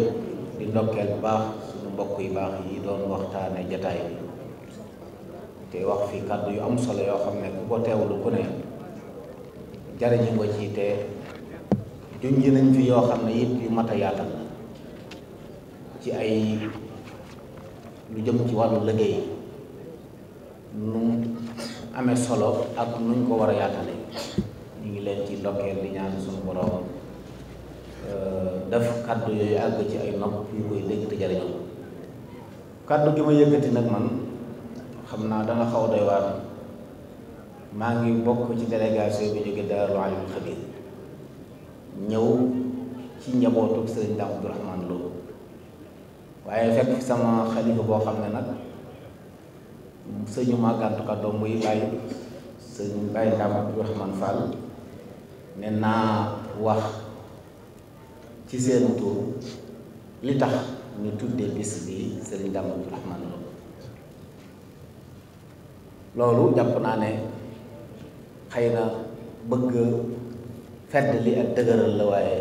yëpp di ndokkeel bu baax suñu mbokk yu baax yi doon waxtaane jataay bi te wax fi kàddu yu am solo yoo xam ne ku ko teewlu ku ne jariñu nga ci te junj nañ fi yoo xam ne it yu mat a yaatal ci ay lu jëm ci wàllu liggéey nu amee solo ak nuñ ko war a yaatale ñu ngi leen ci ndokkeel di ñaan suñu borom Euh, def kàddu yooyu àgg ci ay nopp yu koy dégg te jariñoo kàddu gi ma yëkkati nag man xam naa dana xaw doy waar maa ngi bokk ci délégation bi jóge Daaru Alimul ñëw ci njabootu sëriñ Daam Abdourahmane Lo waaye fekk sama xalifa boo xam ne nag sëñu màggantukat doom muy bàyyi sëñ bàyyi Daam Abdourahmane Fall ne naa wax ci seen tur li tax ñu tuddee bis bi seen Dame Abdou Rahmane loolu jàpp naa ne xëy na bëgg fedd li ak dëgëral la waaye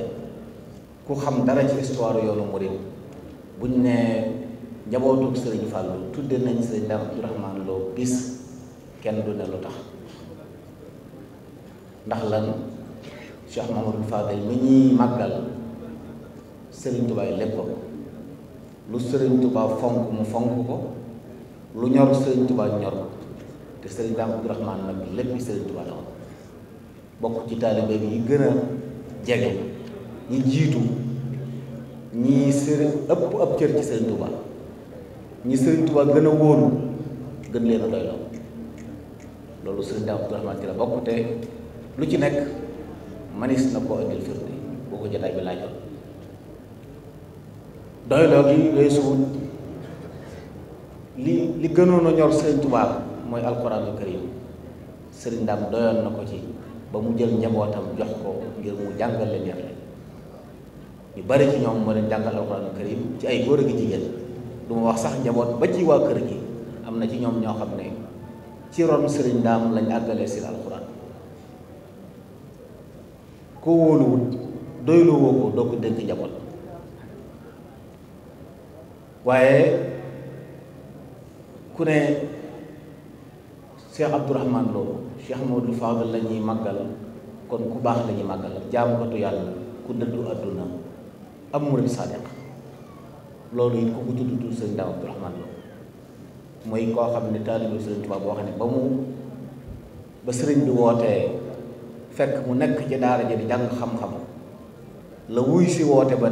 ku xam dara ci histoire yoonu murid buñ ne njabootu Serigne Fallou tudde nañ Serigne Dame Abdou Rahmane Lo bis kenn du ne lu tax ndax lan Cheikh Mamadou Fadel mi ñuy màggal sëriñ tubaay léppam lu sëriñ tubaa fonk mu fonk ko lu ñor sëriñ tubaa ñor te sëriñ daam abdurahmaan nag lépp sëriñ tubaa la woon bokk ci taalibe yi gën a jege ñi jiitu ñi sëriñ ëpp ab cër ci sëriñ tubaa ñi sëriñ tubaa gën a wóolu gën leen a loolu sëriñ daam bokk te lu ci nekk manis na koo indil firnde boo ko jotaay bi laajoon doyloo gi weesuwut li li gënoon a ñor Sëriñ Tuubaa mooy alxuraanul karim sëriñ daam doyoon na ko ci ba mu jël njabootam jox ko ngir mu jàngal leen yar leen ñu bari ci ñoom moo leen jàngal alxuraanul karim ci ay góor ak jigéen du wax sax njaboot ba ci waa kër gi am na ci ñoom ñoo xam ne ci ron sëriñ daam lañ àggalee si alxuraan ko wóoluwut doyloo ko doo ko dénk njaboot waaye ku ne Cheikh Abdourahman Lo Cheikh Modou Fadal la ñuy màggal kon ku baax lañuy ñuy màggal jaamukatu yàlla ku dëddu àdduna am murid sadiq loolu it ku ko tudd tudd sëñ Daam Abdourahman Lo mooy koo xam ne taalibu sëriñ Tuubaa boo xam ne ba mu ba sëriñ bi wootee fekk mu nekk ci daara ja di jàng xam-xam la wuy si woote ba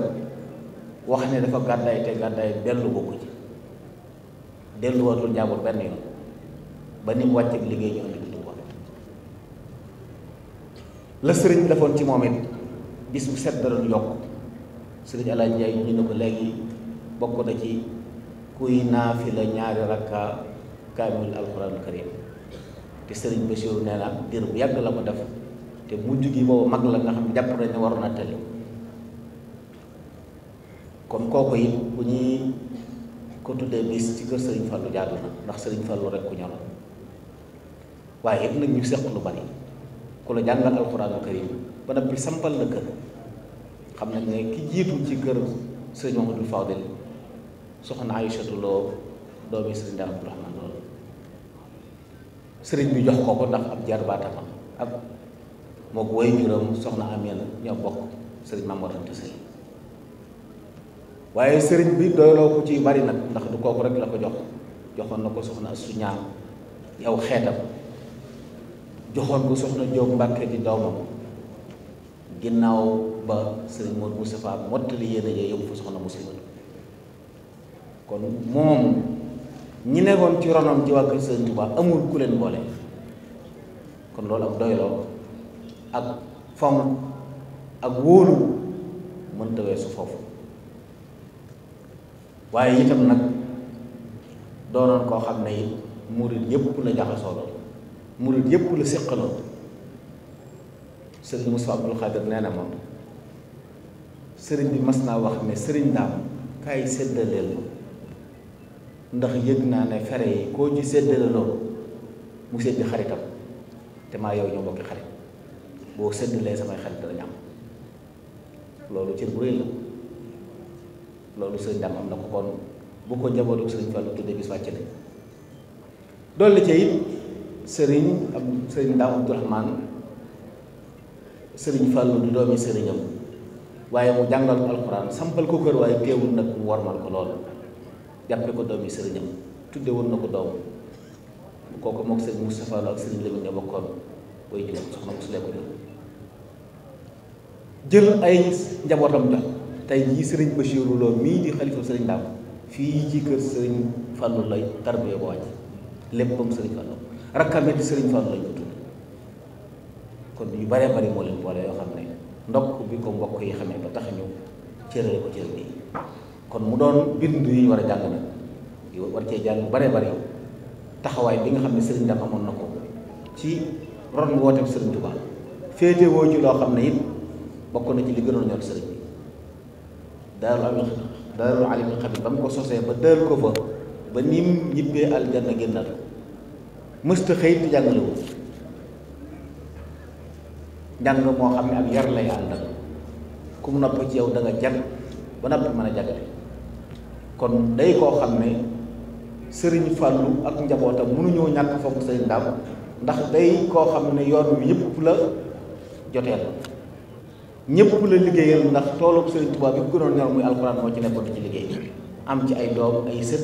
wax ne dafa gàddaay te gàddaay dellu bokku ci delluwaatul njaabur benn yoon ba ni mu wàcc liggéey ñu andi Tuuba la sëriñ bi defoon ci moom it bis bu set da doon yokk sëriñ Alaaji Njaay ñu ne ko léegi bokk na ci kuy naafila ñaari rakka kaamil alxuraanul karim te sëriñ Basiiru nee na diir bu yàgg la ko def te mujj gi boobu mag la nga xam jàpp nañ ne waroon a tële kon kooku it bu ñuy ko tuddee bis ci kër sëriñ Fallou jaadu na ndax Serigne Fallou rek ku ñoroon waaye it nag ñu seq lu bari ku la jàngal alxuraanul karim ba noppi sampal la kër xam nañ ne ki jiitu ci kër Serigne Mamadou Fadil soxna Aïchatu doomi Serigne Daam Abdourahmane loolu Serigne bi jox ko ko ndax ab jarbaatam ak moo ko way juróom soxna Amina ñoo bokk Serigne Mamadou Anta Seye waaye sëriñ bi doyloo ci bari nag ndax du kooku rek la ko jox joxoon na ko soxna su ñaaw yow xeetam joxoon ko soxna Jóob Mbàkke di doomam ginnaaw ba sëriñ Moodu Mustafaa mottali yéene ja yóbbu fa soxna muslimatu kon moom ñu nekkoon ci ronom ci wàllu sëriñ Tuubaa amul ku leen boole kon loolu ak doyloo ak fonk ak wóolu mënta weesu foofu waaye itam nag doonoon koo xam ne it murit yépp la jaxasoo lool murit yépp la séqaloo sëriñ Moussa Abdul Xaadir nee na moom sëriñ bi mas naa wax ne sëriñ daam kaay séddaleel ma ndax yëg naa ne fere yi koo ci séddale loolu mu séddi xaritam te maa yow ñu bokki xarit boo séddalee samay xarit danañ am loolu cër bu rëy la loolu sëñ dam am na ko kon bu ko njabootu sëriñ Fallu tudde bis wàcc nañ dolli ca it sëriñ ab sëriñ Daam Abdourahmane sëriñ Fallu du doomi sëriñam waaye mu jàngal ko alxuraan sampal ko kër waaye teewul nag mu warmal ko lool jàppe ko doomi sëriñam tudde woon na ko doom kooku mook sëriñ Moustapha Lo ak sëriñ Lamin ñoo bokkoon way jur ay njabootam jox tey jii sëriñ Bachirou Lo mii di xalifa sëriñ Ndam fii ci kër sëriñ Fallou lay tarbiya ko wàcc léppam sëriñ Fallou rakkame di sëriñ lañ ko tudd kon yu baree bari moo leen boole yoo xam ne ndokk bi ko mbokk yi xamee ba tax ñëw cere ko cër bii kon mu doon bind yi war a jàng nag yu war cee jàng bu baree bari taxawaay bi nga xam ne sëriñ Ndam amoon na ko ci ron wooteeb sëriñ Touba féete woo ci loo xam ne it bokk na ci li gënoon ñor sëriñ bi daaru am daaru alim xabir ba mu ko sosee ba dël ko fa ba ni mu ñibbee aljanna génnal mësta xëy te jàngale wu njàng moo xam ne ak yar lay ànd ak ku mu nopp ci yow da nga ba noppi mën a jàngale kon day koo xam ne sëriñ fàllu ak njabootam mënuñoo ñàkk foog sëriñ daam ndax day koo xam ne yoon wi yëpp la ñëpp ku la liggéeyal ndax toolub Sëriñ Tuubaa bi ku gënoon ñor muy alxuraan moo ci nekkoon di ci liggéey am ci ay doom ay sët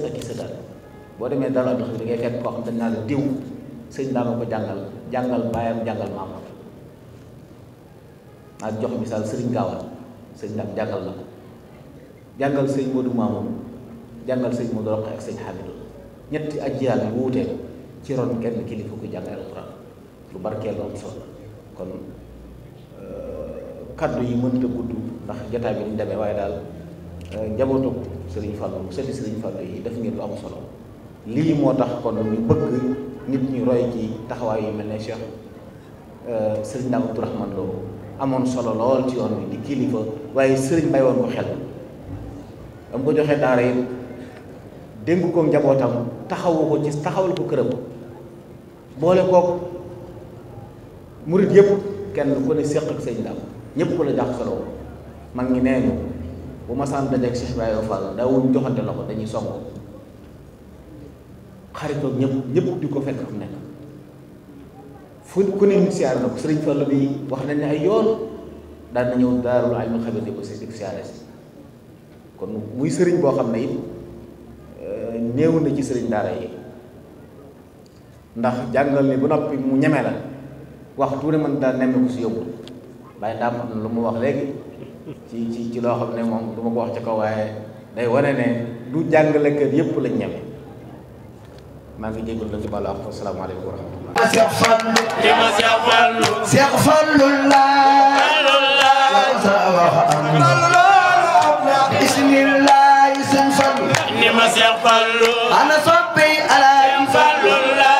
boo demee dara Abdou Khadr ngay dañ naa la diw sëñ naa jox misaal sëriñ gaawal sëñ daam jàngal la ko jàngal sëñ Moodu maamam jàngal sëñ Moodu Roq ak sëñ Hamidou ñetti ajjiraat yu wuutee ci ron kenn kilifa ku jàngal alxuraan lu barkeel lu am kon euh, kaddu yi mënta gudd ndax jotaay bi ñu demee waaye daal euh, njabootu Serigne Fallou sëti Serigne yi def ngeen lu am solo lii moo tax kon ñu bëgg nit ñi roy ci taxawaay yu mel ne Cheikh euh, Serigne Dame Abdourahmane solo lool ci yoon bi di kilifa waaye Serigne bay woon ko xel am ko joxee daara yi dénk ko njabootam taxawu ko ci taxawal ko këram boole kook murit yëpp kenn ku ne séq ak Serigne Dame ñépp ku la jàkkaarloo mag ñi nee ñu bu ma sànni dajeeg Cheikh Ibrahima Fall daawuñu joxante loxo dañuy songoo xaritoog ñëpp ñëpp di ko fekk am nekk fu ku ne nit siyaare na sëriñ Fall bi wax nañ ne ay yoon daan na ñëw daarul ay mu xamante ko si siyaare si kon muy sëriñ boo xam ne it euh, néew na ci sëriñ daara yi ndax jàngal ni bu noppi mu ñeme la waxtu ne man daal nemmeeku si yóbbu. bàyyi ndaam am na lu mu wax léegi ci loo xam ne moom du ma ko wax ci kaw day wane ne du jàngalekat yëpp lañ ñeme maa ngi jégalu la ci ma wa rahmatulah. Cheikh Fallou. Cheikh Fallou. Cheikh Fallou laa. bismillah. Sëñ Fallou. ni ma Cheikh Fallou. ana soppi alaaji Fallou laa.